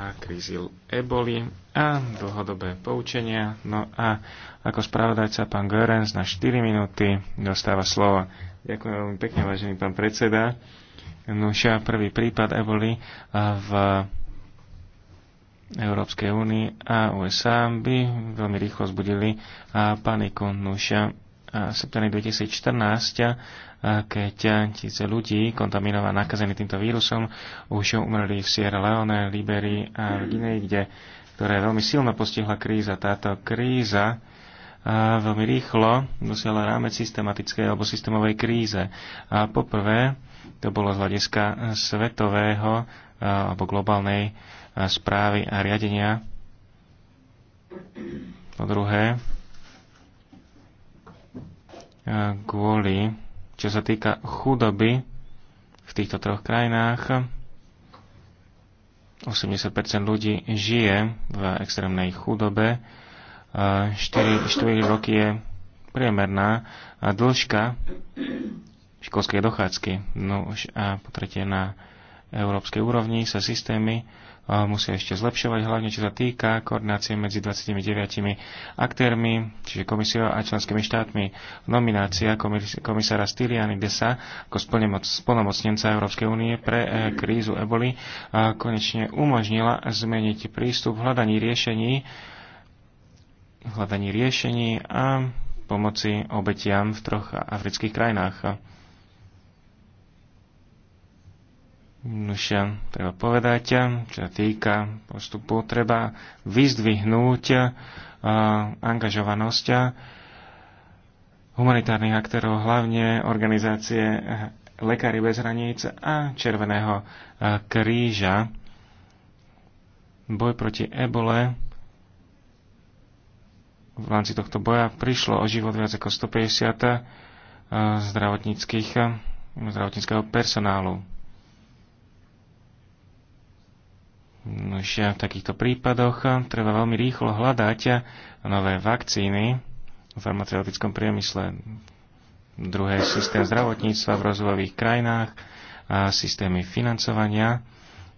a krízy eboli a dlhodobé poučenia. No a ako spravodajca pán Görens na 4 minúty dostáva slovo. Ďakujem veľmi pekne, vážený pán predseda. Nuša, prvý prípad eboli v Európskej únii a USA by veľmi rýchlo zbudili paniku. Nuša, septembri 2014, keď tisíce ľudí kontaminovaných nakazených týmto vírusom už umreli v Sierra Leone, Liberii a v Guinei, kde, ktoré veľmi silno postihla kríza. Táto kríza veľmi rýchlo dosiahla rámec systematickej alebo systémovej kríze. A poprvé, to bolo z hľadiska svetového alebo globálnej správy a riadenia. Po druhé, kvôli, čo sa týka chudoby v týchto troch krajinách, 80% ľudí žije v extrémnej chudobe, 4, 4 roky je priemerná dĺžka školskej dochádzky. No a po tretie na európskej úrovni sa systémy musia ešte zlepšovať, hlavne čo sa týka koordinácie medzi 29 aktérmi, čiže komisiou a členskými štátmi. Nominácia komisára Styliany Desa ako splnomocnenca Európskej únie pre e, krízu eboli konečne umožnila zmeniť prístup v hľadaní riešení hľadaní riešení a pomoci obetiam v troch afrických krajinách. Nušia, treba povedať, čo sa týka postupu, treba vyzdvihnúť uh, angažovanosť humanitárnych aktérov, hlavne organizácie Lekári bez hraníc a Červeného kríža. Boj proti ebole v rámci tohto boja prišlo o život viac ako 150 zdravotníckého personálu že v takýchto prípadoch treba veľmi rýchlo hľadať nové vakcíny v farmaceutickom priemysle. Druhé systém zdravotníctva v rozvojových krajinách a systémy financovania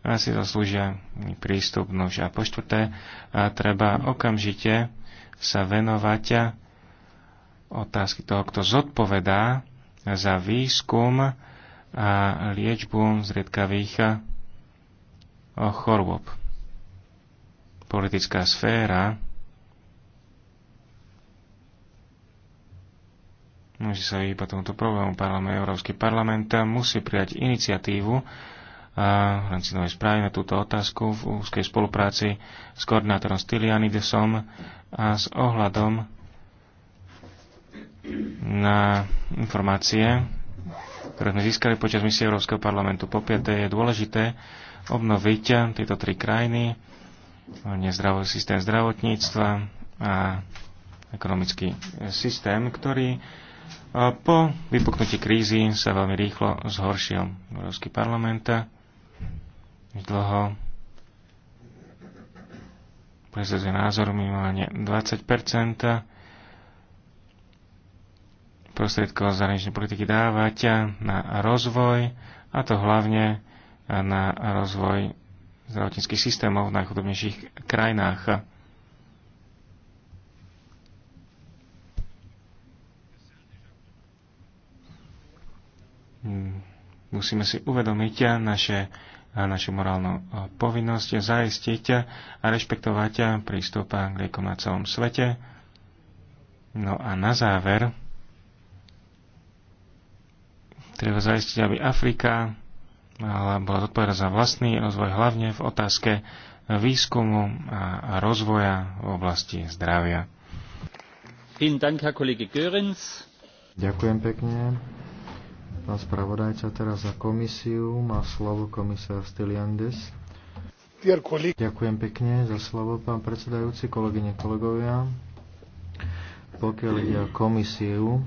a si zaslúžia prístup. Nož a po štvrté a treba okamžite sa venovať otázky toho, kto zodpovedá za výskum a liečbu zriedkavých o chorôb. Politická sféra musí sa vyhýbať tomuto problému. Parlament, Európsky parlament musí prijať iniciatívu v rámci novej správy na túto otázku v úzkej spolupráci s koordinátorom Stylianidesom a s ohľadom na informácie, ktoré sme získali počas misie Európskeho parlamentu. Po piaté je dôležité, obnoviť tieto tri krajiny, nezdravý systém zdravotníctva a ekonomický systém, ktorý e, po vypuknutí krízy sa veľmi rýchlo zhoršil. Európsky parlament dlho preziduje názor minimálne 20 prostriedkov zahraničnej politiky dávať na rozvoj, a to hlavne na rozvoj zdravotníckých systémov v najchudobnejších krajinách. Hmm. Musíme si uvedomiť naše, našu morálnu povinnosť zaistiť a rešpektovať prístup k liekom na celom svete. No a na záver treba zaistiť, aby Afrika ale bola zodpovedná za vlastný rozvoj, hlavne v otázke výskumu a rozvoja v oblasti zdravia. Ďakujem pekne. Pán spravodajca teraz za komisiu má slovo komisár Stiliandis. Ďakujem pekne za slovo, pán predsedajúci, kolegyne, kolegovia. Pokiaľ ide o komisiu,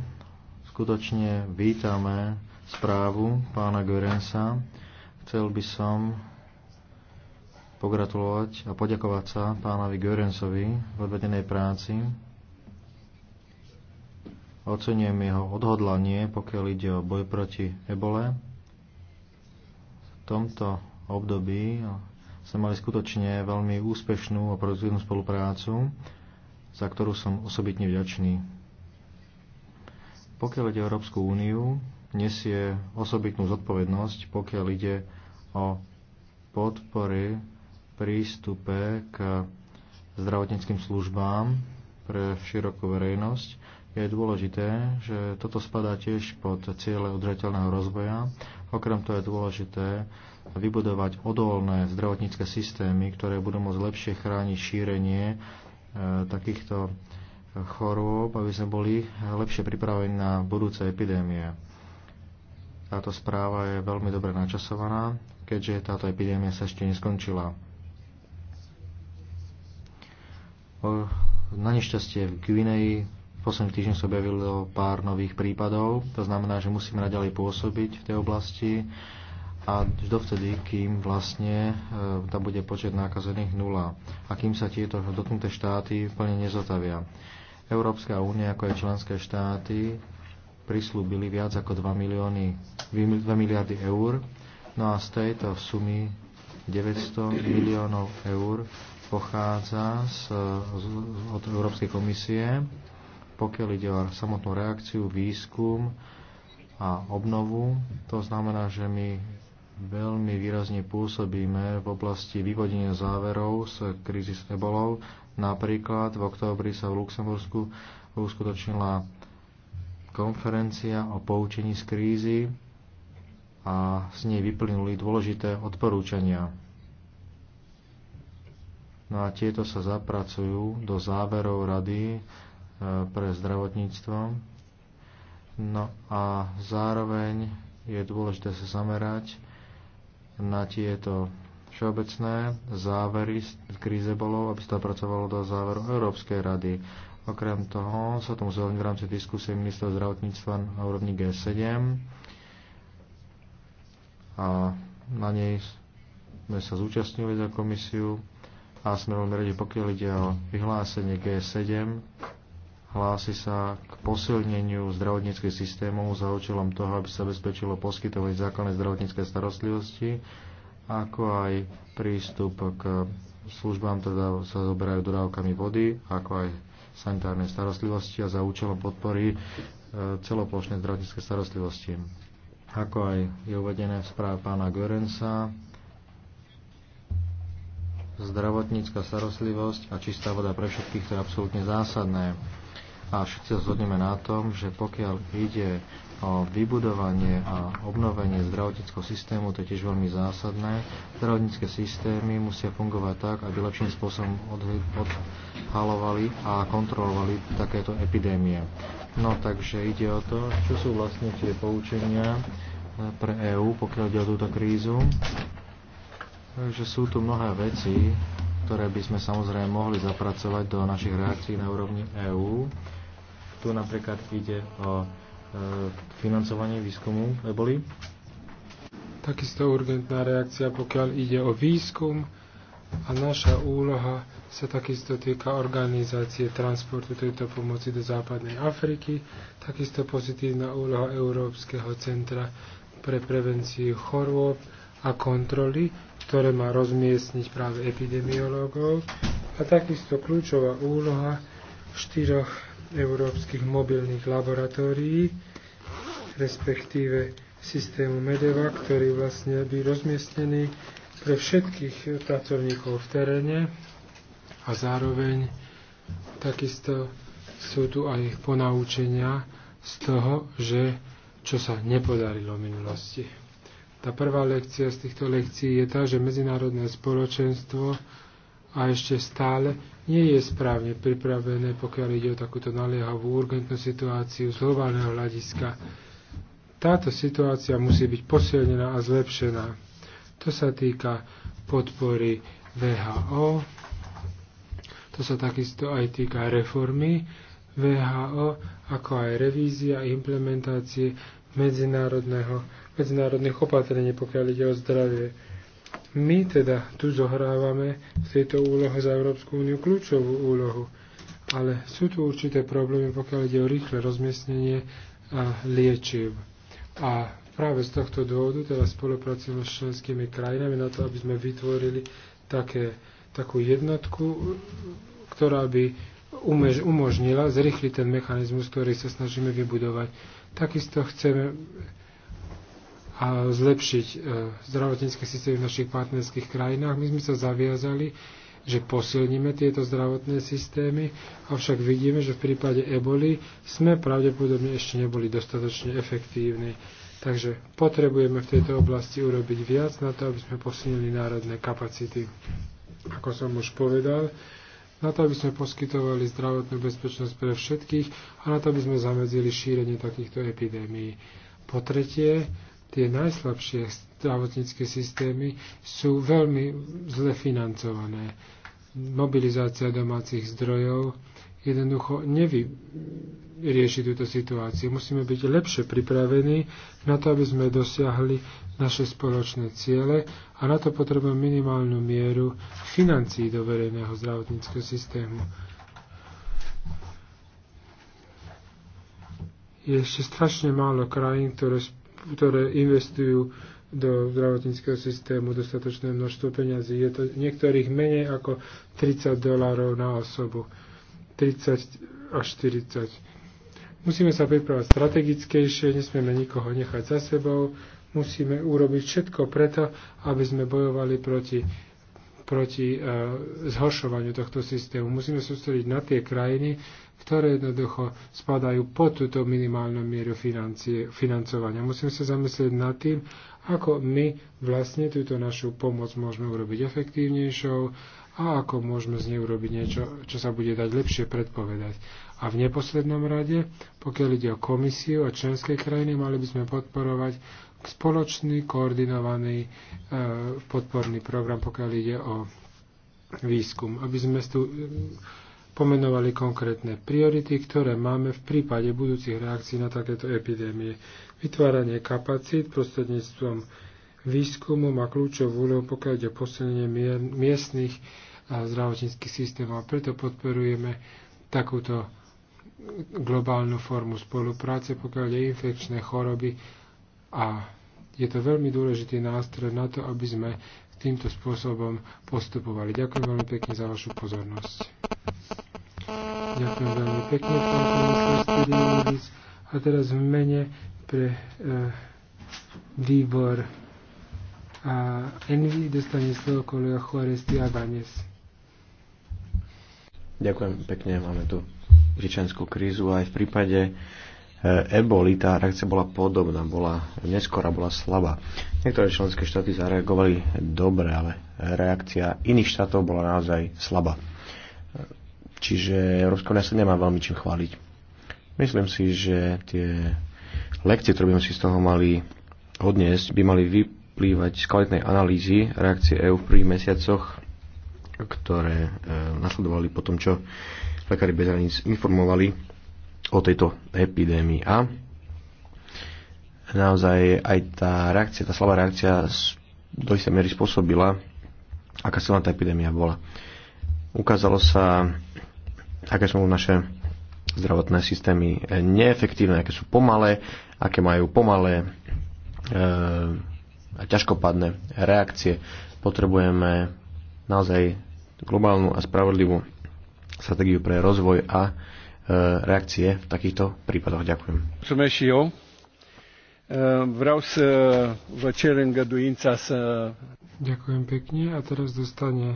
skutočne vítame správu pána Görensa. Chcel by som pogratulovať a poďakovať sa pánovi Görensovi v odvedenej práci. Ocenujem jeho odhodlanie, pokiaľ ide o boj proti ebole. V tomto období sme mali skutočne veľmi úspešnú a produktívnu spoluprácu, za ktorú som osobitne vďačný. Pokiaľ ide o Európsku úniu, nesie osobitnú zodpovednosť, pokiaľ ide o podpory prístupe k zdravotníckým službám pre širokú verejnosť. Je dôležité, že toto spadá tiež pod ciele udržateľného rozvoja. Okrem toho je dôležité vybudovať odolné zdravotnícke systémy, ktoré budú môcť lepšie chrániť šírenie e, takýchto chorôb, aby sme boli lepšie pripravení na budúce epidémie. Táto správa je veľmi dobre načasovaná, keďže táto epidémia sa ešte neskončila. Na nešťastie v Gvineji v posledných týždňoch sa objavilo pár nových prípadov. To znamená, že musíme naďalej pôsobiť v tej oblasti a dovtedy, kým vlastne e, tam bude počet nákazených nula a kým sa tieto dotknuté štáty plne nezotavia. Európska únia, ako aj členské štáty, prislúbili viac ako 2, milióny, 2 miliardy eur, no a z tejto sumy 900 miliónov eur pochádza z, z, od Európskej komisie, pokiaľ ide o samotnú reakciu, výskum a obnovu. To znamená, že my veľmi výrazne pôsobíme v oblasti vyvodenia záverov z krízy s ebolou. Napríklad v októbri sa v Luxembursku uskutočnila konferencia o poučení z krízy a z nej vyplynuli dôležité odporúčania. No a tieto sa zapracujú do záverov Rady e, pre zdravotníctvo. No a zároveň je dôležité sa zamerať na tieto všeobecné závery z kríze bolo, aby sa pracovalo do záveru Európskej rady. Okrem toho sa tomu zhodnú v rámci diskusie ministra zdravotníctva na úrovni G7 a na nej sme sa zúčastnili za komisiu a sme veľmi radi, pokiaľ ide o vyhlásenie G7, hlási sa k posilneniu zdravotníckej systémov za účelom toho, aby sa zabezpečilo poskytovať základné zdravotníckej starostlivosti, ako aj prístup k službám, ktoré teda sa zoberajú dodávkami vody, ako aj sanitárnej starostlivosti a za účelom podpory e, celoplošnej zdravotníckej starostlivosti. Ako aj je uvedené v správe pána Görensa, zdravotnícka starostlivosť a čistá voda pre všetkých to je absolútne zásadné. A všetci sa zhodneme na tom, že pokiaľ ide o vybudovanie a obnovenie zdravotníckého systému, to je tiež veľmi zásadné. Zdravotnícke systémy musia fungovať tak, aby lepším spôsobom odhalovali a kontrolovali takéto epidémie. No takže ide o to, čo sú vlastne tie poučenia e, pre EÚ, pokiaľ ide o túto krízu. Takže sú tu mnohé veci, ktoré by sme samozrejme mohli zapracovať do našich reakcií na úrovni EÚ. Tu napríklad ide o E, financovanie výskumu eboli? Takisto urgentná reakcia, pokiaľ ide o výskum a naša úloha sa takisto týka organizácie transportu tejto pomoci do západnej Afriky, takisto pozitívna úloha Európskeho centra pre prevenciu chorôb a kontroly, ktoré má rozmiestniť práve epidemiológov a takisto kľúčová úloha štyroch európskych mobilných laboratórií, respektíve systému Medeva, ktorý vlastne by rozmiestnený pre všetkých pracovníkov v teréne a zároveň takisto sú tu aj ponaučenia z toho, že čo sa nepodarilo v minulosti. Tá prvá lekcia z týchto lekcií je tá, že medzinárodné spoločenstvo a ešte stále nie je správne pripravené, pokiaľ ide o takúto naliehavú urgentnú situáciu z globálneho hľadiska. Táto situácia musí byť posilnená a zlepšená. To sa týka podpory VHO, to sa takisto aj týka reformy VHO, ako aj revízia a implementácie medzinárodných opatrení, pokiaľ ide o zdravie. My teda tu zohrávame v tejto úlohe za Európsku úniu kľúčovú úlohu, ale sú tu určité problémy, pokiaľ ide o rýchle rozmiestnenie a liečiv. A práve z tohto dôvodu teraz spolupracujeme s členskými krajinami na to, aby sme vytvorili také, takú jednotku, ktorá by umež, umožnila zrýchliť ten mechanizmus, ktorý sa snažíme vybudovať. Takisto chceme a zlepšiť e, zdravotnícke systémy v našich partnerských krajinách. My sme sa zaviazali, že posilníme tieto zdravotné systémy, avšak vidíme, že v prípade eboli sme pravdepodobne ešte neboli dostatočne efektívni. Takže potrebujeme v tejto oblasti urobiť viac na to, aby sme posilnili národné kapacity. Ako som už povedal, na to, aby sme poskytovali zdravotnú bezpečnosť pre všetkých a na to, aby sme zamedzili šírenie takýchto epidémií. Po tretie, tie najslabšie zdravotnícke systémy sú veľmi zle financované. Mobilizácia domácich zdrojov jednoducho nevyrieši túto situáciu. Musíme byť lepšie pripravení na to, aby sme dosiahli naše spoločné ciele a na to potrebujeme minimálnu mieru financií do verejného zdravotníckého systému. je ešte strašne málo krajín, ktoré ktoré investujú do zdravotníckého systému dostatočné množstvo peňazí. Je to niektorých menej ako 30 dolárov na osobu. 30 až 40. Musíme sa pripravať strategickejšie, nesmieme nikoho nechať za sebou, musíme urobiť všetko preto, aby sme bojovali proti proti e, zhoršovaniu tohto systému. Musíme sústrediť na tie krajiny, ktoré jednoducho spadajú pod túto minimálnu mieru financie, financovania. Musíme sa zamyslieť nad tým, ako my vlastne túto našu pomoc môžeme urobiť efektívnejšou a ako môžeme z nej urobiť niečo, čo sa bude dať lepšie predpovedať. A v neposlednom rade, pokiaľ ide o komisiu a členské krajiny, mali by sme podporovať spoločný, koordinovaný e, podporný program, pokiaľ ide o výskum. Aby sme tu e, pomenovali konkrétne priority, ktoré máme v prípade budúcich reakcií na takéto epidémie. Vytváranie kapacít prostredníctvom výskumu má kľúčovú úlohu, pokiaľ ide posilnenie miestnych zdravotníckých systémov. preto podporujeme takúto globálnu formu spolupráce, pokiaľ ide infekčné choroby a je to veľmi dôležitý nástroj na to, aby sme týmto spôsobom postupovali. Ďakujem veľmi pekne za vašu pozornosť. Ďakujem veľmi pekne, pán komisár Stylianides. A teraz v mene pre e, výbor a Envy dostane slovo kolega Choresti a Tiabanes. Ďakujem pekne, máme tu utečenskú krízu aj v prípade E, eboli, tá reakcia bola podobná, bola neskora, bola slabá. Niektoré členské štáty zareagovali dobre, ale reakcia iných štátov bola naozaj slabá. E, čiže Európska únia sa nemá veľmi čím chváliť. Myslím si, že tie lekcie, ktoré by sme si z toho mali odniesť, by mali vyplývať z kvalitnej analýzy reakcie EÚ v prvých mesiacoch, ktoré e, nasledovali po tom, čo lekári bez hraníc informovali o tejto epidémii. A naozaj aj tá reakcia, tá slabá reakcia do istej miery spôsobila, aká silná tá epidémia bola. Ukázalo sa, aké sú naše zdravotné systémy neefektívne, aké sú pomalé, aké majú pomalé e, a reakcie. Potrebujeme naozaj globálnu a spravodlivú stratégiu pre rozvoj a E, reakcie v takýchto prípadoch. Ďakujem. E, vreau să vă cer îngăduința să... Ďakujem pekne a teraz dostane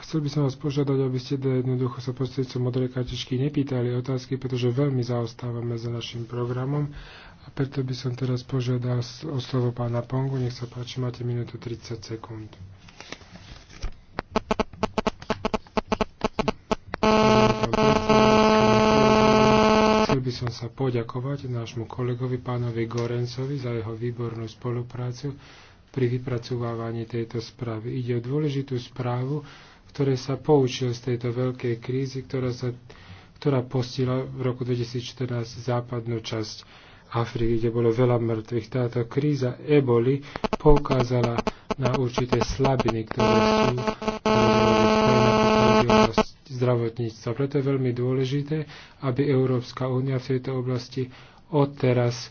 Chcel by som vás požiadať, aby ste jednoducho sa prostredcom modrej kartičky nepýtali otázky, pretože veľmi zaostávame za našim programom a preto by som teraz požiadal o slovo pána Pongu. Nech sa páči, máte minútu 30 sekúnd. som sa poďakovať nášmu kolegovi pánovi Gorencovi za jeho výbornú spoluprácu pri vypracovávaní tejto správy. Ide o dôležitú správu, ktoré sa poučil z tejto veľkej krízy, ktorá, sa, ktorá postila v roku 2014 západnú časť Afriky, kde bolo veľa mŕtvych. Táto kríza eboli poukázala na určité slabiny, ktoré sú zdravotníctva. Preto je veľmi dôležité, aby Európska únia v tejto oblasti odteraz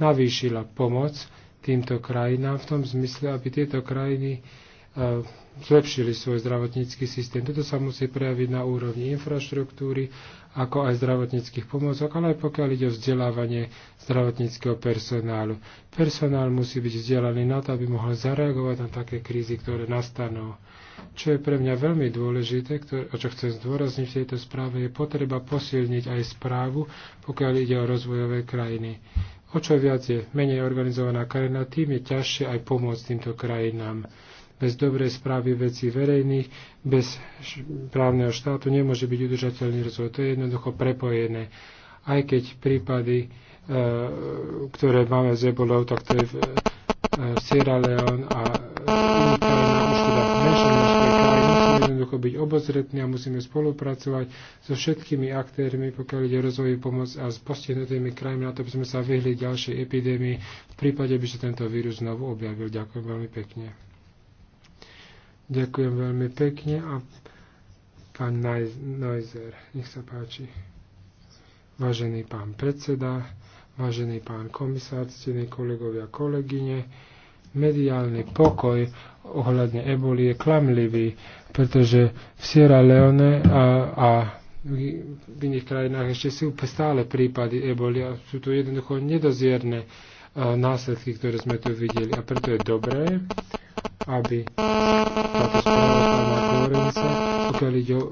navýšila pomoc týmto krajinám v tom zmysle, aby tieto krajiny eh, zlepšili svoj zdravotnícky systém. Toto sa musí prejaviť na úrovni infraštruktúry, ako aj zdravotníckých pomôcok, ale aj pokiaľ ide o vzdelávanie zdravotníckého personálu. Personál musí byť vzdelaný na to, aby mohol zareagovať na také krízy, ktoré nastanú. Čo je pre mňa veľmi dôležité, a čo chcem zdôrazniť v tejto správe, je potreba posilniť aj správu, pokiaľ ide o rozvojové krajiny. O čo viac je menej organizovaná krajina, tým je ťažšie aj pomôcť týmto krajinám. Bez dobrej správy vecí verejných, bez právneho štátu nemôže byť udržateľný rozvoj. To je jednoducho prepojené. Aj keď prípady, e, ktoré máme z ebolov, tak to je v e, Sierra Leone a e, jednoducho byť obozretní a musíme spolupracovať so všetkými aktérmi, pokiaľ ide o rozvoj pomoc a s postihnutými krajmi, na to by sme sa vyhli ďalšej epidémii v prípade, by sa tento vírus znovu objavil. Ďakujem veľmi pekne. Ďakujem veľmi pekne a pán Neuser, nech sa páči. Vážený pán predseda, vážený pán komisár, ctení kolegovia, kolegyne, mediálny pokoj ohľadne eboli je klamlivý, pretože v Sierra Leone a, a v iných krajinách ešte sú stále prípady eboli a sú to jednoducho nedozierne následky, ktoré sme tu videli. A preto je dobré, aby táto správa koherencia, pokiaľ ide o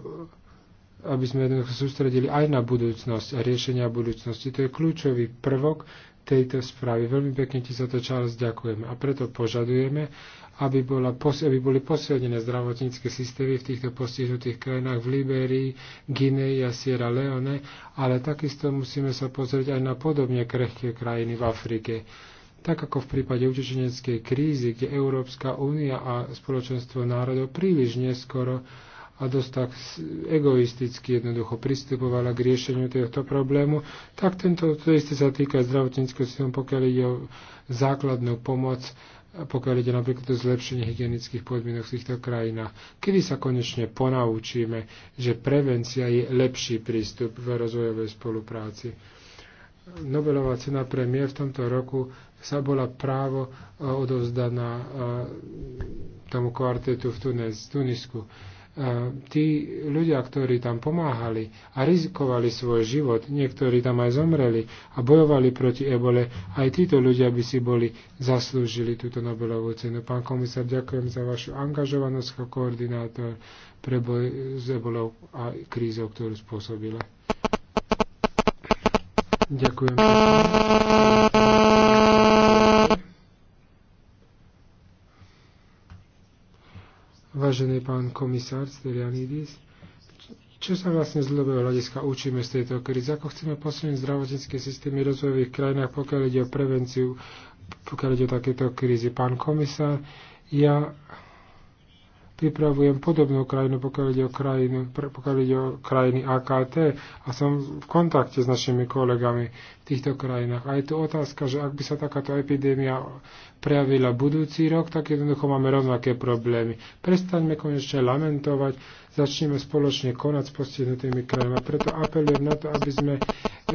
aby sme jednoducho sústredili aj na budúcnosť a riešenia budúcnosti. To je kľúčový prvok tejto správy. Veľmi pekne ti za to, Charles, ďakujeme. A preto požadujeme, aby, bola, aby boli posilnené zdravotnícke systémy v týchto postihnutých krajinách v Liberii, Gineji a Sierra Leone, ale takisto musíme sa pozrieť aj na podobne krehké krajiny v Afrike tak ako v prípade utečeneckej krízy, kde Európska únia a spoločenstvo národov príliš neskoro a dosť tak egoisticky jednoducho pristupovala k riešeniu tohto problému, tak tento, to isté sa týka zdravotníckého systému, pokiaľ ide o základnú pomoc, pokiaľ ide napríklad o zlepšenie hygienických podmienok v týchto krajinách. Kedy sa konečne ponaučíme, že prevencia je lepší prístup v rozvojovej spolupráci? Nobelová cena pre mier v tomto roku sa bola právo e, odovzdaná e, tomu kvartetu v Tunis, Tunisku. E, tí ľudia, ktorí tam pomáhali a rizikovali svoj život, niektorí tam aj zomreli a bojovali proti ebole, aj títo ľudia by si boli zaslúžili túto Nobelovú cenu. Pán komisár, ďakujem za vašu angažovanosť ako koordinátor pre boj s ebolou a krízou, ktorú spôsobila. Ďakujem. Vážený pán komisár Sterianidis, čo sa vlastne z dlhodobého hľadiska učíme z tejto krízy? Ako chceme posilniť zdravotnícke systémy v rozvojových krajinách, pokiaľ ide o prevenciu, pokiaľ ide o takéto krízy? Pán komisár, ja pripravujem podobnú krajinu, pokiaľ ide o, krajinu, pokiaľ ide o krajiny AKT a som v kontakte s našimi kolegami v týchto krajinách. A je tu otázka, že ak by sa takáto epidémia prejavila budúci rok, tak jednoducho máme rovnaké problémy. Prestaňme konečne lamentovať, začneme spoločne konať s postihnutými krajinami. Preto apelujem na to, aby sme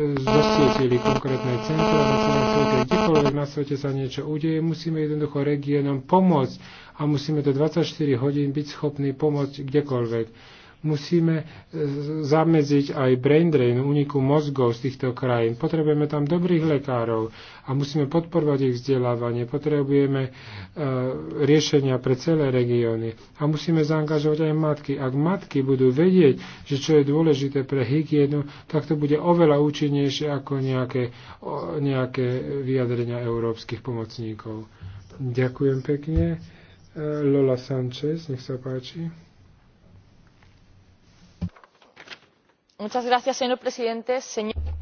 zosietili konkrétne centra na celom svete. Kdekoľvek na svete sa niečo udeje, musíme jednoducho regiónom pomôcť a musíme do 24 hodín byť schopní pomôcť kdekoľvek Musíme e, zamedziť aj brain drain, uniku mozgov z týchto krajín. Potrebujeme tam dobrých lekárov a musíme podporovať ich vzdelávanie. Potrebujeme e, riešenia pre celé regióny a musíme zaangažovať aj matky. Ak matky budú vedieť, že čo je dôležité pre hygienu, tak to bude oveľa účinnejšie ako nejaké, o, nejaké vyjadrenia európskych pomocníkov. Ďakujem pekne. E, Lola Sanchez, nech sa páči.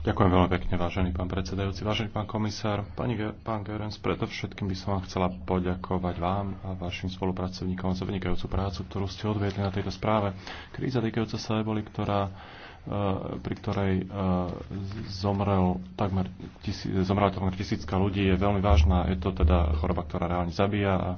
Ďakujem veľmi pekne, vážený pán predsedajúci, vážený pán komisár. Pani, pán Gerens, predovšetkým by som vám chcela poďakovať vám a vašim spolupracovníkom za vynikajúcu prácu, ktorú ste odviedli na tejto správe. Kríza týkajúca sa eboli, ktorá Eh, pri ktorej eh, zomrel takmer, tisí, zomrel takmer tisícka ľudí, je veľmi vážna. Je to teda choroba, ktorá reálne zabíja a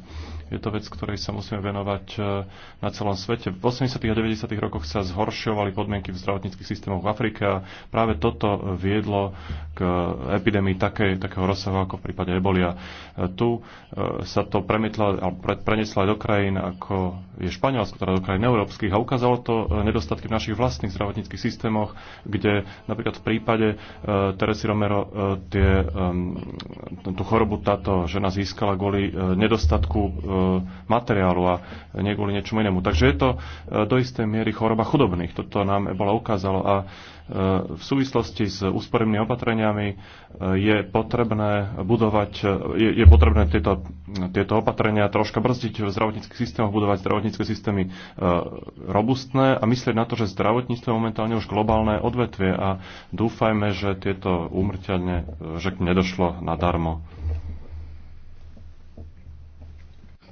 je to vec, ktorej sa musíme venovať eh, na celom svete. V 80. a 90. rokoch sa zhoršovali podmienky v zdravotníckých systémoch v Afrike a práve toto viedlo k epidémii také, takého rozsahu ako v prípade ebolia. Tu sa to premietlo, alebo preneslo aj do krajín ako je Španielsko, teda do krajín európskych a ukázalo to nedostatky v našich vlastných zdravotníckých systémoch systémoch, kde napríklad v prípade e, Teresy Romero e, tie, tú chorobu táto žena získala kvôli e, nedostatku materiálu a nie kvôli niečomu inému. Takže je to do istej miery choroba chudobných. Toto nám Ebola ukázalo a v súvislosti s úspornými opatreniami je potrebné budovať, je, je potrebné tieto, tieto opatrenia troška brzdiť v zdravotníckých systémoch, budovať zdravotnícke systémy robustné a myslieť na to, že zdravotníctvo je momentálne už globálne odvetvie a dúfajme, že tieto úmrtia e, že k nedošlo nadarmo.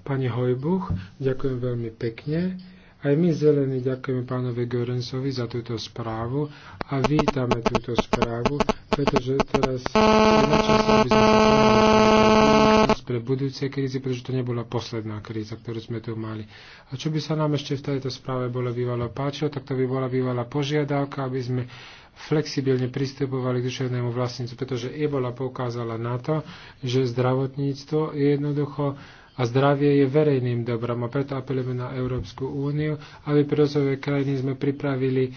Pani Hojbuch, ďakujem veľmi pekne. Aj my zelení ďakujeme pánovi Görensovi za túto správu a vítame túto správu, pretože teraz je na čase, aby sme sa možnosť pre budúce krízy, pretože to nebola posledná kríza, ktorú sme tu mali. A čo by sa nám ešte v tejto správe bolo bývalo páčilo, tak to by bola bývala požiadavka, aby sme flexibilne pristupovali k duševnému vlastníctvu, pretože Ebola poukázala na to, že zdravotníctvo je jednoducho a zdravie je verejným dobrom a preto apelujeme na Európsku úniu, aby pre rozvojové krajiny sme pripravili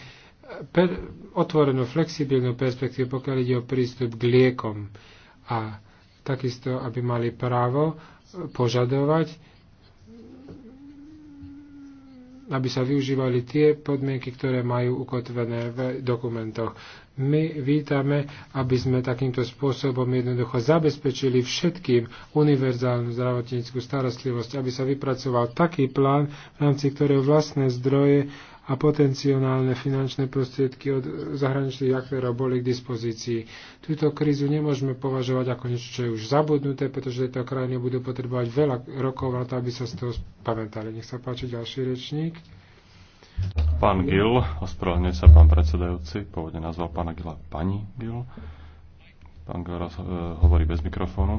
per, otvorenú, flexibilnú perspektívu, pokiaľ ide o prístup k liekom. A takisto aby mali právo požadovať, aby sa využívali tie podmienky, ktoré majú ukotvené v dokumentoch. My vítame, aby sme takýmto spôsobom jednoducho zabezpečili všetkým univerzálnu zdravotníckú starostlivosť, aby sa vypracoval taký plán, v rámci ktorého vlastné zdroje a potenciálne finančné prostriedky od zahraničných aktérov boli k dispozícii. Túto krízu nemôžeme považovať ako niečo, čo je už zabudnuté, pretože tieto krajiny budú potrebovať veľa rokov na to, aby sa z toho pamätali. Nech sa páči ďalší rečník. Pán Gil, ospravedlňuje sa pán predsedajúci, pôvodne nazval pána Gila pani Gil. Pán Gil eh, hovorí bez mikrofónu.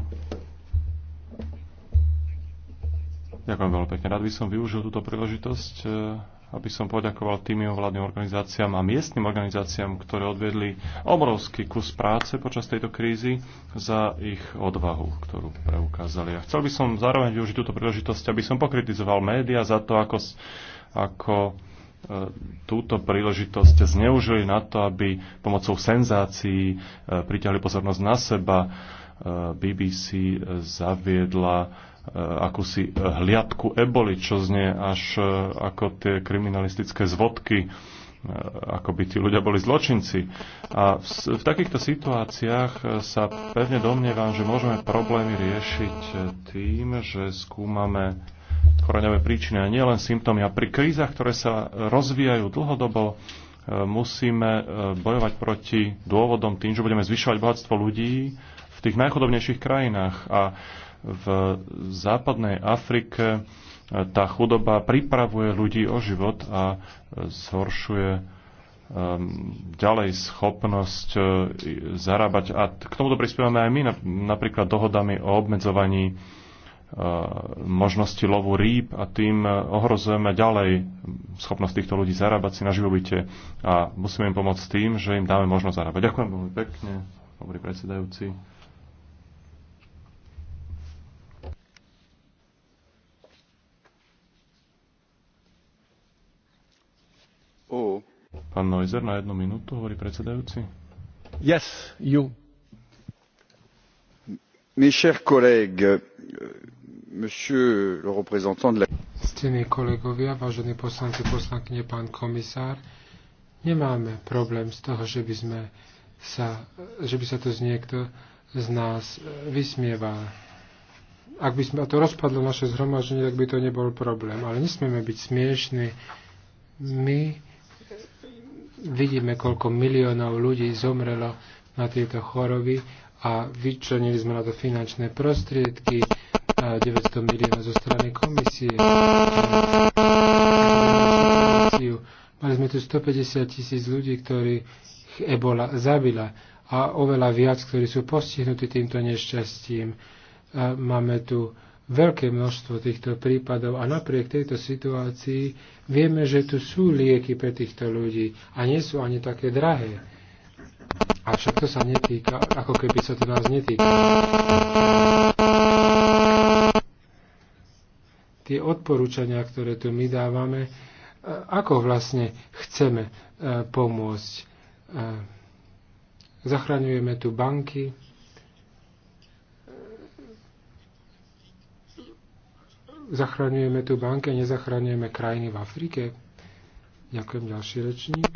Ďakujem veľmi pekne. Rád by som využil túto príležitosť eh, aby som poďakoval tým mimovládnym organizáciám a miestnym organizáciám, ktoré odvedli obrovský kus práce počas tejto krízy za ich odvahu, ktorú preukázali. A chcel by som zároveň využiť túto príležitosť, aby som pokritizoval médiá za to, ako, ako e, túto príležitosť zneužili na to, aby pomocou senzácií e, priťahli pozornosť na seba. E, BBC zaviedla Eh, akúsi eh, hliadku eboli, čo znie až eh, ako tie kriminalistické zvodky, ako by tí ľudia boli zločinci. A v, v takýchto situáciách sa pevne domnievam, že môžeme problémy riešiť tým, že skúmame koreňové príčiny a nielen symptómy. A pri krízach, ktoré sa rozvíjajú dlhodobo, musíme bojovať proti dôvodom tým, že budeme zvyšovať bohatstvo ľudí v tých najchodobnejších krajinách. A v západnej Afrike e, tá chudoba pripravuje ľudí o život a e, zhoršuje e, ďalej schopnosť zarábať. A k tomuto prispievame aj my, napríklad dohodami o obmedzovaní možnosti lovu rýb a tým ohrozujeme ďalej schopnosť týchto ľudí zarábať si na živobytie a musíme im pomôcť tým, že im dáme možnosť zarábať. Ďakujem veľmi pekne, dobrý predsedajúci. Pán Neuser, na jednu minútu, hovorí predsedajúci. Yes, you. Mes chers collègues, euh, monsieur le représentant de la... Ctení kolegovia, vážení poslanci, poslankyne, pán komisár, nemáme problém z toho, že by, sme sa, že by sa to z niekto z nás e, vysmieval. Ak by sme, to rozpadlo naše zhromaženie, tak by to nebol problém. Ale nesmieme byť smiešní. My vidíme, koľko miliónov ľudí zomrelo na tieto choroby a vyčlenili sme na to finančné prostriedky, 900 miliónov zo strany komisie. Mali sme tu 150 tisíc ľudí, ktorí ebola zabila a oveľa viac, ktorí sú postihnutí týmto nešťastím. Máme tu veľké množstvo týchto prípadov a napriek tejto situácii vieme, že tu sú lieky pre týchto ľudí a nie sú ani také drahé. Avšak to sa netýka, ako keby sa to nás netýka. Tie odporúčania, ktoré tu my dávame, e, ako vlastne chceme e, pomôcť. E, zachraňujeme tu banky, zachraňujeme tu banky a nezachraňujeme krajiny v Afrike? Ďakujem, ďalší rečník.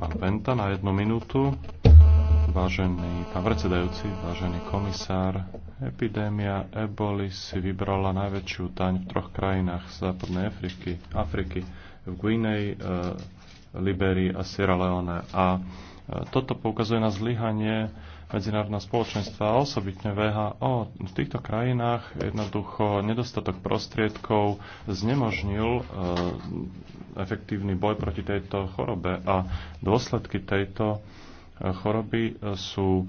Pán Penta na jednu minútu. Vážený pán predsedajúci, vážený komisár, epidémia eboli si vybrala najväčšiu daň v troch krajinách západnej Afriky, Afriky v Guinei, e, Liberii a Sierra Leone. A eh, toto poukazuje na zlyhanie medzinárodného spoločenstva a osobitne VHO. V týchto krajinách jednoducho nedostatok prostriedkov znemožnil e, efektívny boj proti tejto chorobe a dôsledky tejto e, choroby e, sú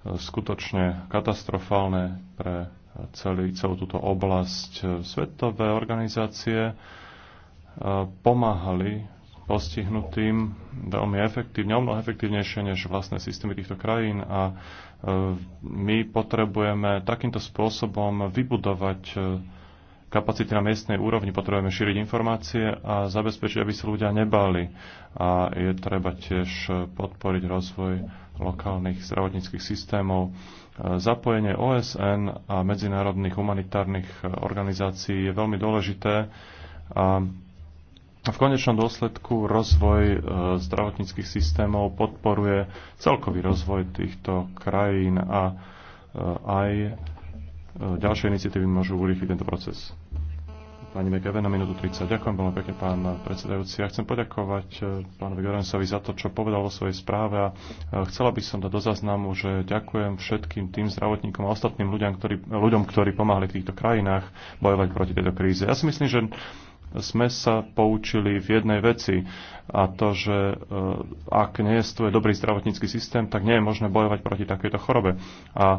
skutočne katastrofálne pre celý, celú túto oblasť. Svetové organizácie pomáhali postihnutým veľmi efektívne, o mnoho efektívnejšie než vlastné systémy týchto krajín a e, my potrebujeme takýmto spôsobom vybudovať e, kapacity na miestnej úrovni, potrebujeme šíriť informácie a zabezpečiť, aby sa ľudia nebali. A je treba tiež podporiť rozvoj lokálnych zdravotníckých systémov. E, zapojenie OSN a medzinárodných humanitárnych organizácií je veľmi dôležité a v konečnom dôsledku rozvoj e, zdravotníckých systémov podporuje celkový rozvoj týchto krajín a e, aj e, ďalšie iniciatívy môžu urýchliť tento proces. Pani Megave, na minútu 30. Ďakujem veľmi pekne, pán predsedajúci. Ja chcem poďakovať pánovi Gorensovi za to, čo povedal vo svojej správe a chcela by som dať do zaznamu, že ďakujem všetkým tým zdravotníkom a ostatným ľuďom, ktorí, ľuďom, ktorí pomáhali v týchto krajinách bojovať proti tejto kríze. Ja si myslím, že sme sa poučili v jednej veci a to, že e, ak nie je dobrý zdravotnícky systém, tak nie je možné bojovať proti takejto chorobe. A e,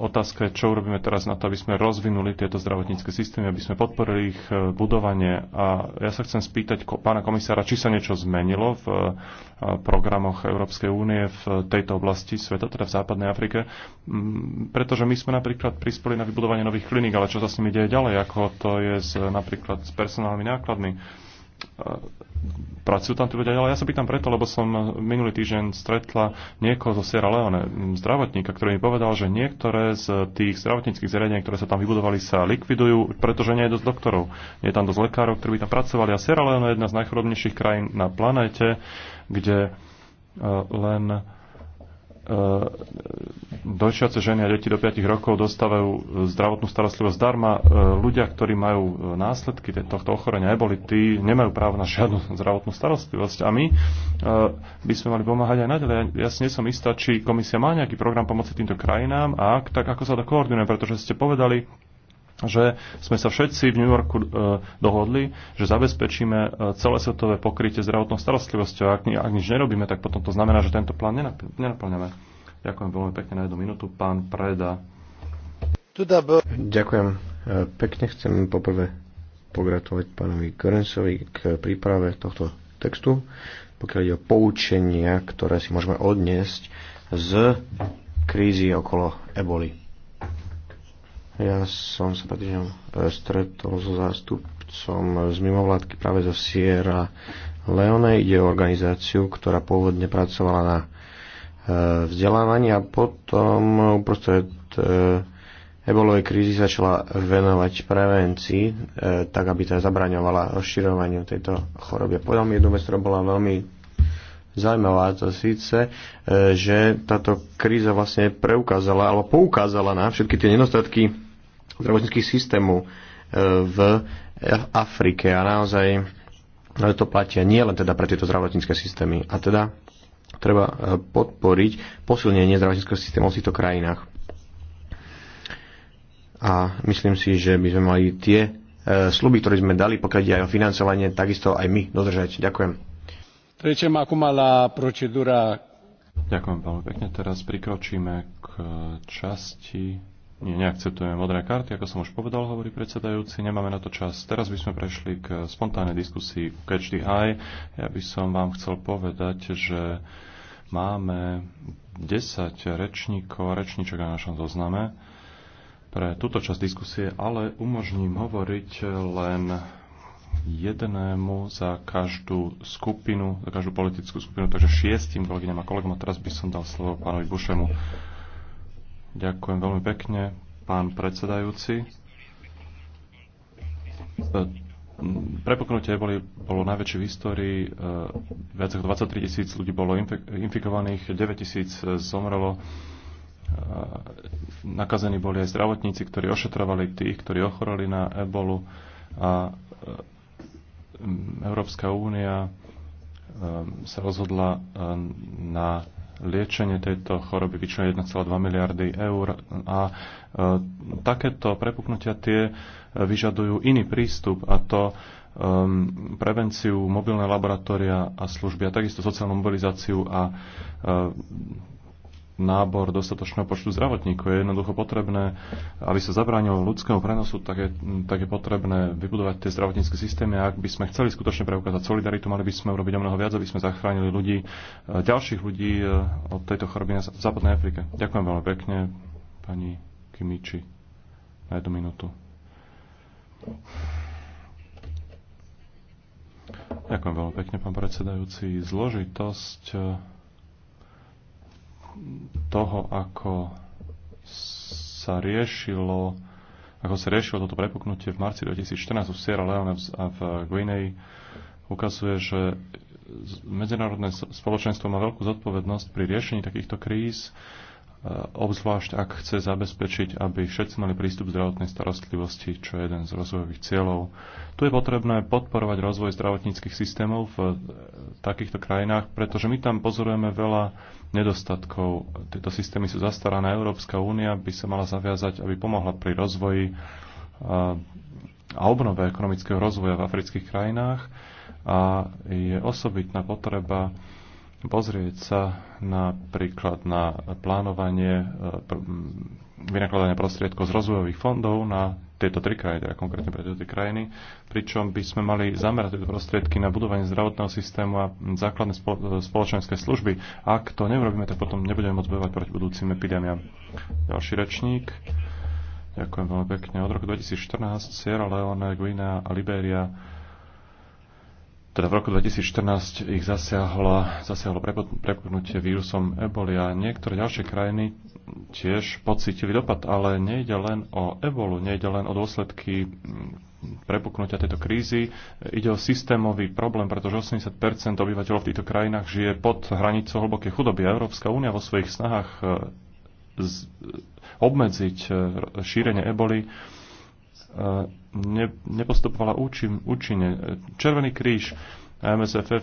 otázka je, čo urobíme teraz na to, aby sme rozvinuli tieto zdravotnícke systémy, aby sme podporili ich e, budovanie. A ja sa chcem spýtať pána komisára, či sa niečo zmenilo v programoch Európskej únie v tejto oblasti sveta, teda v západnej Afrike, mm, pretože my sme napríklad prispeli na vybudovanie nových kliník, ale čo sa s nimi deje ďalej, ako to je s, napríklad s personálnymi nákladmi pracujú tam tí ľudia, ale ja sa pýtam preto, lebo som minulý týždeň stretla niekoho zo Sierra Leone, zdravotníka, ktorý mi povedal, že niektoré z tých zdravotníckých zariadení, ktoré sa tam vybudovali, sa likvidujú, pretože nie je dosť doktorov. Nie je tam dosť lekárov, ktorí by tam pracovali. A Sierra Leone je jedna z najchorobnejších krajín na planéte, kde e, len E, dojčiace ženy a deti do 5 rokov dostávajú e, zdravotnú starostlivosť zdarma. E, ľudia, ktorí majú následky tohto ochorenia eboli, tí nemajú právo na žiadnu zdravotnú starostlivosť. A my by sme mali pomáhať aj naďalej. Ja si nesom istá, či komisia má nejaký program pomoci týmto krajinám a ak, tak ako sa to koordinuje, pretože ste povedali, že sme sa všetci v New Yorku e, dohodli, že zabezpečíme e, celosvetové pokrytie zdravotnou starostlivosťou. Ak, ak nič nerobíme, tak potom to znamená, že tento plán nenaplňame. Ďakujem veľmi pekne na jednu minútu. Pán Preda. Ďakujem e, pekne. Chcem poprvé pogratulovať pánovi Korensovi k príprave tohto textu, pokiaľ ide o poučenia, ktoré si môžeme odniesť z krízy okolo eboli ja som sa pred týždňom e, stretol so zástupcom z mimovládky práve zo Sierra Leone. Ide o organizáciu, ktorá pôvodne pracovala na e, vzdelávaní a potom uprostred e, ebolovej krízy začala venovať prevencii, tak aby teda zabraňovala rozširovaniu tejto choroby. Povedal mi jednu vec, ktorá bola veľmi zaujímavá, to síce, že táto kríza vlastne preukázala alebo poukázala na všetky tie nedostatky zdravotníckých systémov e, v Afrike a naozaj no, to platia nie len teda pre tieto zdravotnícke systémy. A teda treba e, podporiť posilnenie zdravotníckého systému v týchto krajinách. A myslím si, že by sme mali tie e, sluby, ktoré sme dali, pokiaľ aj o financovanie, takisto aj my dodržať. Ďakujem. Trecem acum la procedúra. Ďakujem veľmi pekne. Teraz prikročíme k časti Neakceptujeme modré karty, ako som už povedal, hovorí predsedajúci, nemáme na to čas. Teraz by sme prešli k spontánnej diskusii Catch the Eye. Ja by som vám chcel povedať, že máme 10 rečníkov a rečníčok na našom zozname pre túto časť diskusie, ale umožním hovoriť len jednému za každú skupinu, za každú politickú skupinu, takže šiestim kolegyňam a kolegom. A teraz by som dal slovo pánovi Bušemu. Ďakujem veľmi pekne, pán predsedajúci. Prepoknutie boli bolo najväčšie v histórii. E, viac ako 23 tisíc ľudí bolo infikovaných, 9 tisíc zomrelo. E, nakazení boli aj zdravotníci, ktorí ošetrovali tých, ktorí ochoreli na ebolu. A e, Európska únia sa rozhodla na liečenie tejto choroby vyčlenuje 1,2 miliardy eur a e, takéto prepuknutia tie vyžadujú iný prístup a to e, prevenciu, mobilné laboratória a služby a takisto sociálnu mobilizáciu a e, nábor dostatočného počtu zdravotníkov. Je jednoducho potrebné, aby sa zabránilo ľudskému prenosu, tak je, tak je potrebné vybudovať tie zdravotnícke systémy. A ak by sme chceli skutočne preukázať solidaritu, mali by sme urobiť o mnoho viac, aby sme zachránili ľudí, e, ďalších ľudí e, od tejto choroby na západnej Afrike. Ďakujem veľmi pekne, pani Kimiči, na jednu minútu. Ďakujem veľmi pekne, pán predsedajúci. Zložitosť e, toho, ako sa riešilo ako sa riešilo toto prepuknutie v marci 2014 v Sierra Leone a v Guinei, ukazuje, že medzinárodné spoločenstvo má veľkú zodpovednosť pri riešení takýchto kríz E, obzvlášť ak chce zabezpečiť, aby všetci mali prístup k zdravotnej starostlivosti, čo je jeden z rozvojových cieľov. Tu je potrebné podporovať rozvoj zdravotníckých systémov v e, takýchto krajinách, pretože my tam pozorujeme veľa nedostatkov. Tieto systémy sú zastarané. Európska únia by sa mala zaviazať, aby pomohla pri rozvoji e, a obnove ekonomického rozvoja v afrických krajinách a je osobitná potreba pozrieť sa napríklad na plánovanie eh, vynakladania prostriedkov z rozvojových fondov na tieto tri krajiny, teda konkrétne pre tieto tri krajiny, pričom by sme mali zamerať tieto prostriedky na budovanie zdravotného systému a základné spoločenské služby. Ak to neurobíme, tak potom nebudeme môcť bojovať proti budúcim epidémiám. Ďalší rečník. Ďakujem veľmi pekne. Od roku 2014 Sierra Leone, Guinea a Liberia teda v roku 2014 ich zasiahlo, zasiahlo prepuknutie vírusom eboli a niektoré ďalšie krajiny tiež pocítili dopad, ale nejde len o ebolu, nejde len o dôsledky prepuknutia tejto krízy. Ide o systémový problém, pretože 80 obyvateľov v týchto krajinách žije pod hranicou hlbokej chudoby Európska únia vo svojich snahách e, e, obmedziť e, šírenie eboli ne, nepostupovala účin, účinne. Červený kríž a MSFF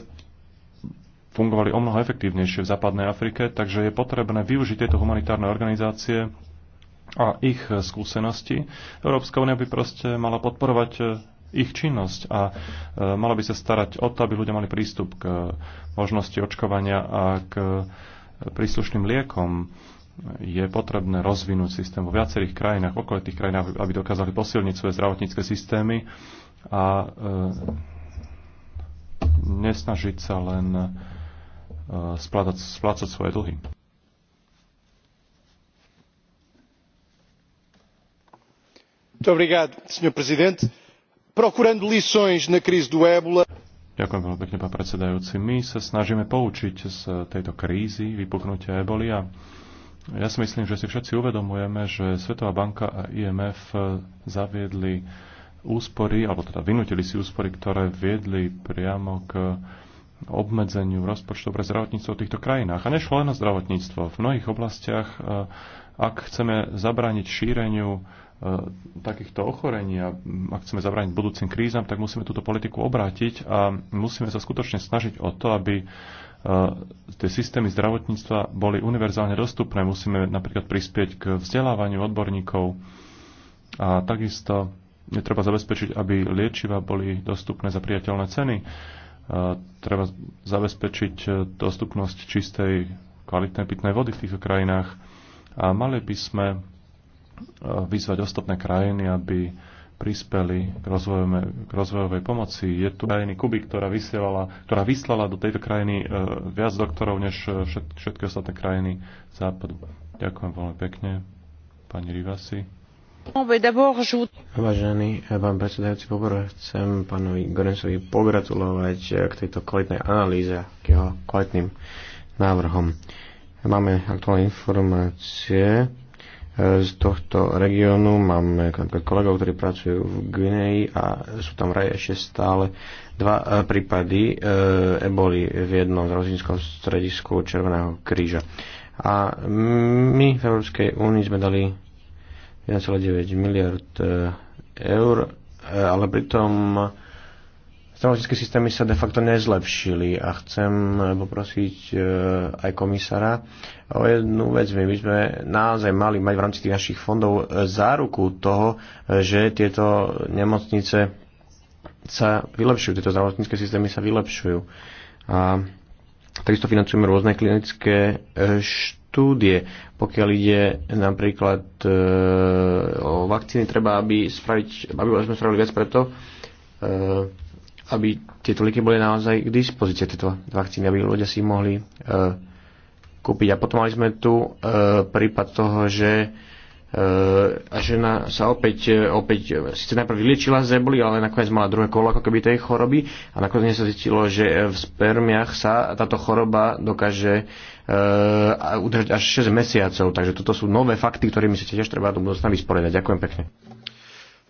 fungovali o mnoho efektívnejšie v západnej Afrike, takže je potrebné využiť tieto humanitárne organizácie a ich skúsenosti. Európska únia by proste mala podporovať e, ich činnosť a e, mala by sa starať o to, aby ľudia mali prístup k e, možnosti očkovania a k príslušným liekom je potrebné rozvinúť systém vo viacerých krajinách, okolitých krajinách, aby dokázali posilniť svoje zdravotnícke systémy a e, nesnažiť sa len e, splácať, splácať svoje dlhy. Ďakujem veľmi pekne, pán predsedajúci. My sa snažíme poučiť z tejto krízy vypuknutia eboli a ja si myslím, že si všetci uvedomujeme, že Svetová banka a IMF eh, zaviedli úspory, alebo teda vynutili si úspory, ktoré viedli priamo k eh, obmedzeniu rozpočtu pre zdravotníctvo v týchto krajinách. A nešlo len o zdravotníctvo. V mnohých oblastiach, eh, ak chceme zabrániť šíreniu takýchto ochorení a mm, ak chceme zabrániť budúcim krízam, tak musíme túto politiku obrátiť a musíme sa skutočne snažiť o to, aby tie systémy zdravotníctva boli univerzálne dostupné. Musíme napríklad prispieť k vzdelávaniu odborníkov a takisto je treba zabezpečiť, aby liečiva boli dostupné za priateľné ceny. Treba zabezpečiť dostupnosť čistej kvalitnej pitnej vody v týchto krajinách a mali by sme e, vyzvať ostatné krajiny, aby prispeli k, rozvojome, k rozvojovej pomoci. Je tu krajiny Kuby, ktorá, vysielala, ktorá vyslala do tejto krajiny e, viac doktorov, než e, všet, všetky ostatné krajiny západu. Ďakujem veľmi pekne, pani Rivasi. Vážený pán predsedajúci, poprvé chcem pánovi Gorensovi pogratulovať e, k tejto kvalitnej analýze, k jeho kvalitným návrhom. Máme aktuálne informácie, z tohto regiónu. Máme kolegov, ktorí pracujú v Gvineji a sú tam raj ešte stále dva e, prípady e, eboli v jednom rozinskom stredisku Červeného kríža. A my v Európskej únii sme dali 1,9 miliard e, eur, ale pritom Zdravotnícke systémy sa de facto nezlepšili a chcem eh, poprosiť eh, aj komisára o jednu vec. My by sme naozaj mali mať v rámci tých našich fondov eh, záruku toho, že tieto nemocnice sa vylepšujú, tieto zdravotnícke systémy sa vylepšujú. A takisto financujeme rôzne klinické štúdie. Pokiaľ ide napríklad o vakcíny, treba, aby, spraviť, aby sme spravili viac preto, aby tieto lieky boli naozaj k dispozícii, tieto vakcíny, aby ľudia si ich mohli e, kúpiť. A potom mali sme tu e, prípad toho, že e, žena sa opäť, e, opäť e, síce najprv vyliečila z eboli, ale nakoniec mala druhé kolo ako keby tej choroby a nakoniec sa zistilo, že v spermiach sa táto choroba dokáže e, udržať až 6 mesiacov. Takže toto sú nové fakty, ktorými sa tiež treba do budúcna vysporiadať. Ďakujem pekne.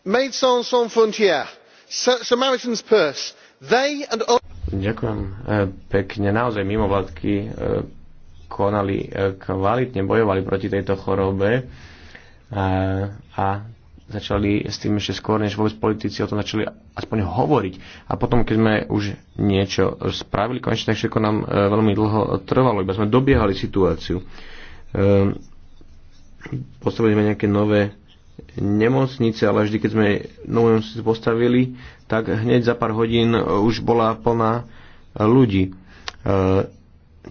Médecins sans frontières Samaritan's Purse. They and Ďakujem eh, pekne. Naozaj mimovládky eh, konali eh, kvalitne, bojovali proti tejto chorobe a začali s tým ešte skôr, než vôbec politici o tom začali aspoň hovoriť. A potom, keď sme už niečo spravili, konečne tak všetko nám veľmi dlho trvalo, iba sme dobiehali situáciu. Postavili sme nejaké nové nemocnice, ale vždy, keď sme novú nemocnicu postavili, tak hneď za pár hodín e, už bola plná e, ľudí. E,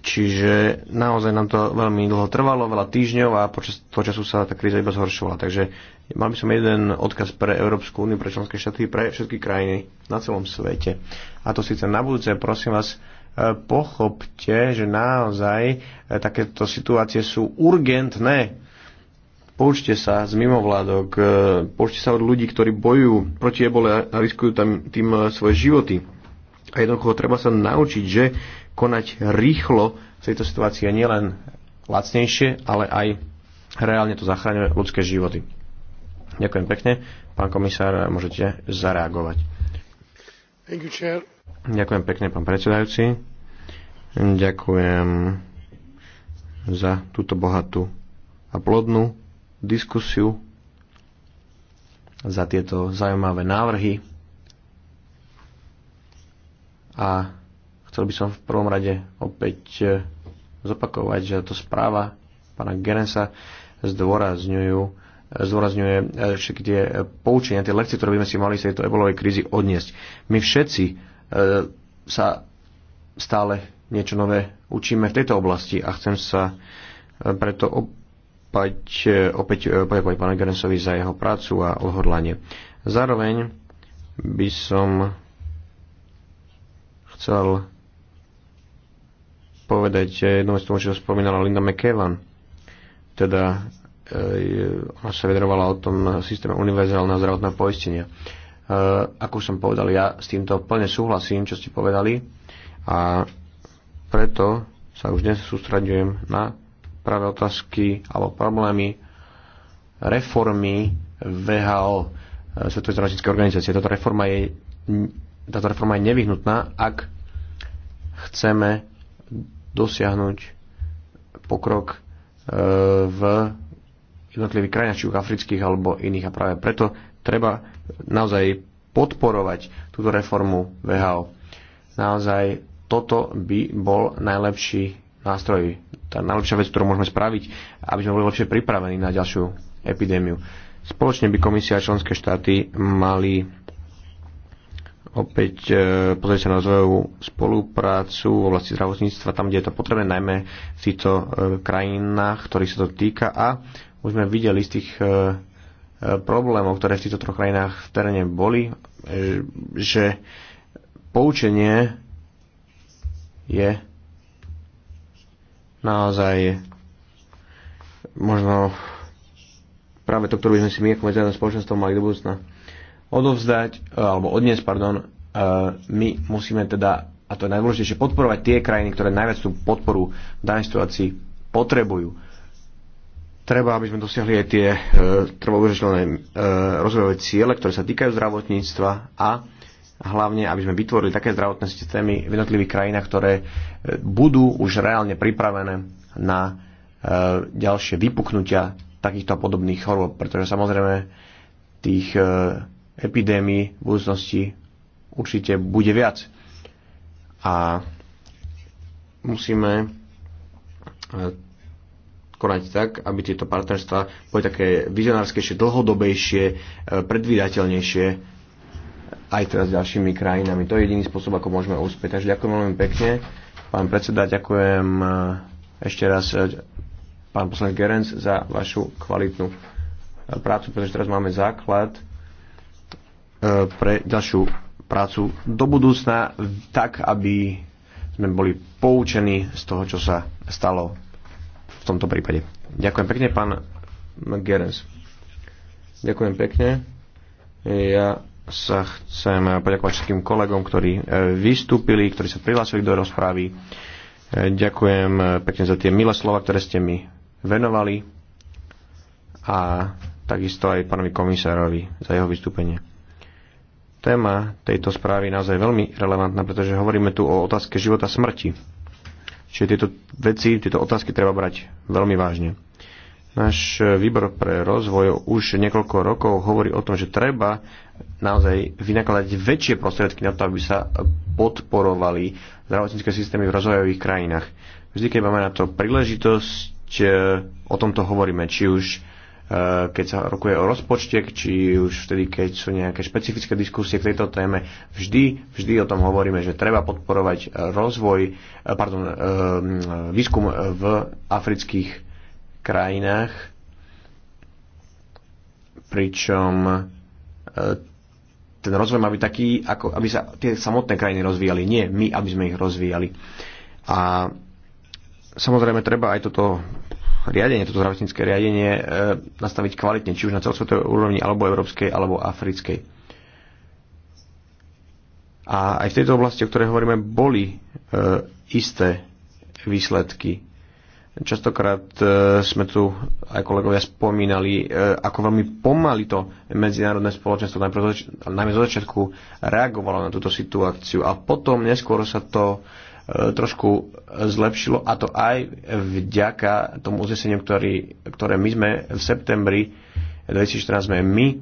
čiže naozaj nám to veľmi dlho trvalo, veľa týždňov a počas toho času sa tá kríza iba zhoršovala. Takže mal by som jeden odkaz pre Európsku úniu, pre členské štáty, pre všetky krajiny na celom svete. A to síce na budúce, prosím vás, pochopte, že naozaj takéto situácie sú urgentné Poučte sa z mimovládok, e, poučte sa od ľudí, ktorí bojujú proti ebole a riskujú tam tým e, svoje životy. A jednoducho treba sa naučiť, že konať rýchlo v tejto situácii je nielen lacnejšie, ale aj reálne to zachráňuje ľudské životy. Ďakujem pekne. Pán komisár, môžete zareagovať. You, Ďakujem pekne, pán predsedajúci. Ďakujem za túto bohatú a plodnú diskusiu, za tieto zaujímavé návrhy a chcel by som v prvom rade opäť e, zopakovať, že to správa pána Gerensa zdôrazňujú e, zdôrazňuje e, všetky tie poučenia, tie lekcie, ktoré by sme si mali z tejto ebolovej krízy odniesť. My všetci e, sa stále niečo nové učíme v tejto oblasti a chcem sa preto poďakovať, e, opäť e, poďakovať pána Gerensovi za jeho prácu a odhodlanie. Zároveň by som chcel povedať jednou z toho, čo spomínala Linda McEwan. Teda e, ona sa vedrovala o tom systéme univerzálneho zdravotného poistenia. Ako som povedal, ja s týmto plne súhlasím, čo ste povedali a preto sa už dnes sústraďujem na práve otázky alebo problémy reformy VHO, e, Svetovej zdravotníckej organizácie. Táto reforma je, táto reforma je nevyhnutná, ak chceme dosiahnuť pokrok e, v jednotlivých krajinách, či už afrických alebo iných. A práve preto treba naozaj podporovať túto reformu VHO. Naozaj toto by bol najlepší nástroj, tá najlepšia vec, ktorú môžeme spraviť, aby sme boli lepšie pripravení na ďalšiu epidémiu. Spoločne by komisia a členské štáty mali opäť e, pozrieť sa na rozvojovú spoluprácu v oblasti zdravotníctva, tam, kde je to potrebné, najmä v týchto e, krajinách, ktorých sa to týka. A už sme videli z tých e, problémov, ktoré v týchto troch krajinách v teréne boli, že poučenie je naozaj možno práve to, ktorú by sme si my ako medzinárodné spoločenstvo mali do budúcna odovzdať, e, alebo odniesť, pardon, e, my musíme teda, a to je najdôležitejšie, podporovať tie krajiny, ktoré najviac tú podporu v danej situácii potrebujú. Treba, aby sme dosiahli aj tie e, e, rozvojové ciele, ktoré sa týkajú zdravotníctva a hlavne aby sme vytvorili také zdravotné systémy v jednotlivých krajinách, ktoré e, budú už reálne pripravené na e, ďalšie vypuknutia takýchto podobných chorôb, pretože samozrejme tých e, epidémií v budúcnosti určite bude viac. A musíme konať tak, aby tieto partnerstva boli také vizionárskejšie, dlhodobejšie, predvídateľnejšie aj teraz s ďalšími krajinami. To je jediný spôsob, ako môžeme uspieť. Takže ďakujem veľmi pekne. Pán predseda, ďakujem e, ešte raz e, pán poslanec Gerenc za vašu kvalitnú e, prácu, pretože teraz máme základ pre ďalšiu prácu do budúcna tak, aby sme boli poučení z toho, čo sa stalo v tomto prípade. Ďakujem pekne, pán Gerenc. Ďakujem pekne. Ja sa chcem poďakovať všetkým kolegom, ktorí e, vystúpili, ktorí sa prihlásili do rozprávy. E, ďakujem pekne za tie milé slova, ktoré ste mi venovali a takisto aj pánovi komisárovi za jeho vystúpenie. Téma tejto správy je naozaj veľmi relevantná, pretože hovoríme tu o otázke života smrti. Čiže tieto veci, tieto otázky treba brať veľmi vážne. Náš výbor pre rozvoj už niekoľko rokov hovorí o tom, že treba naozaj vynakladať väčšie prostriedky na to, aby sa podporovali zdravotnícke systémy v rozvojových krajinách. Vždy, keď máme na to príležitosť, e, o tomto hovoríme, či už e, keď sa rokuje o rozpočte, či už vtedy, keď sú nejaké špecifické diskusie k tejto téme, vždy, vždy o tom hovoríme, že treba podporovať rozvoj, e, pardon, výskum v afrických krajinách, pričom e, ten rozvoj má byť taký, ako aby sa tie samotné krajiny rozvíjali, nie my, aby sme ich rozvíjali. A samozrejme treba aj toto riadenie, toto zdravotnícke riadenie e, nastaviť kvalitne, či už na celosvetovej úrovni, alebo európskej, alebo africkej. A aj v tejto oblasti, o ktorej hovoríme, boli e, isté výsledky Častokrát e, sme tu aj kolegovia spomínali, e, ako veľmi pomaly to medzinárodné spoločenstvo najmä zo začiatku reagovalo na túto situáciu a potom neskôr sa to e, trošku zlepšilo a to aj vďaka tomu uzneseniu, ktorý, ktoré my sme v septembri 2014 sme my e,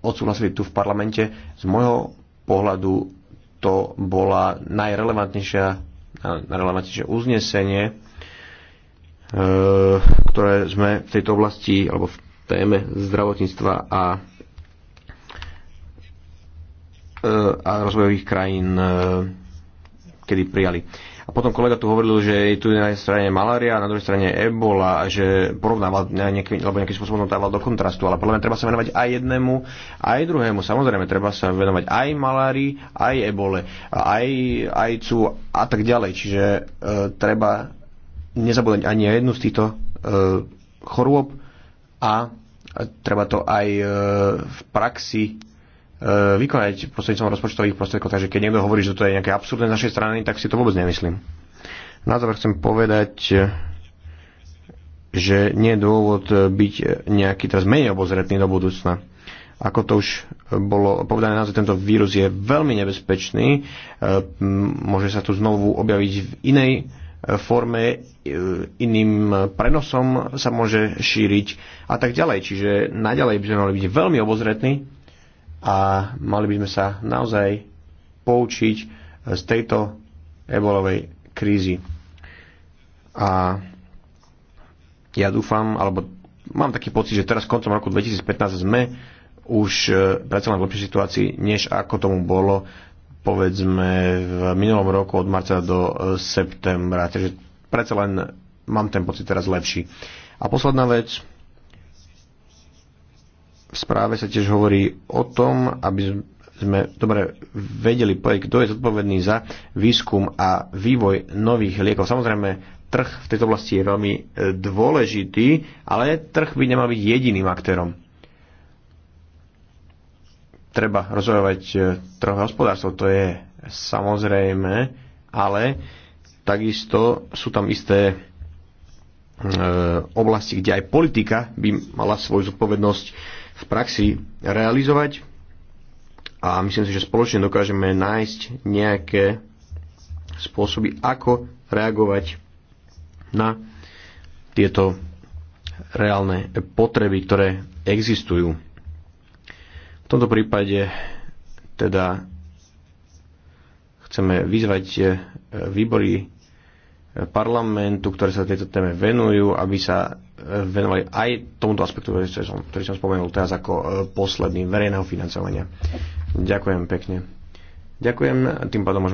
odsúhlasili tu v parlamente. Z môjho pohľadu to bola najrelevantnejšia, najrelevantnejšie uznesenie E, ktoré sme v tejto oblasti alebo v téme zdravotníctva a e, a rozvojových krajín e, kedy prijali. A potom kolega tu hovoril, že je tu na jednej strane malária, na druhej strane ebola, že porovnával nejakým, alebo nejakým spôsobom dával do kontrastu, ale podľa mňa treba sa venovať aj jednému, aj druhému. Samozrejme, treba sa venovať aj malárii, aj ebole, aj cu a tak ďalej. Čiže e, treba nezabúdať ani na jednu z týchto e, chorôb a treba to aj e, v praxi e, vykonať prostredníctvom rozpočtových prostriedkov. Takže keď niekto hovorí, že to je nejaké absurdné z našej strany, tak si to vôbec nemyslím. Na záver chcem povedať, že nie je dôvod byť nejaký teraz menej obozretný do budúcna. Ako to už bolo povedané, naozaj tento vírus je veľmi nebezpečný. E, môže sa tu znovu objaviť v inej forme, e, iným prenosom sa môže šíriť a tak ďalej. Čiže naďalej by sme mali byť veľmi obozretní a mali by sme sa naozaj poučiť z tejto ebolovej krízy. A ja dúfam, alebo mám taký pocit, že teraz koncom roku 2015 sme už e, predsa len v lepšej situácii, než ako tomu bolo povedzme v minulom roku od marca do e, septembra. Takže predsa len mám ten pocit teraz lepší. A posledná vec. V správe sa tiež hovorí o tom, aby sme dobre vedeli povedať, kto je zodpovedný za výskum a vývoj nových liekov. Samozrejme, trh v tejto oblasti je veľmi e, dôležitý, ale trh by nemal byť jediným aktérom treba rozvojovať e, trhové hospodárstvo, to je samozrejme, ale takisto sú tam isté e, oblasti, kde aj politika by mala svoju zodpovednosť v praxi realizovať a myslím si, že spoločne dokážeme nájsť nejaké spôsoby, ako reagovať na tieto reálne potreby, ktoré existujú. V tomto prípade teda chceme vyzvať e, výbory e, parlamentu, ktoré sa tejto téme venujú, aby sa e, venovali aj tomuto aspektu, ktorý som, ktorý som spomenul teraz ako posledný verejného financovania. Ďakujem pekne. Ďakujem, tým pádom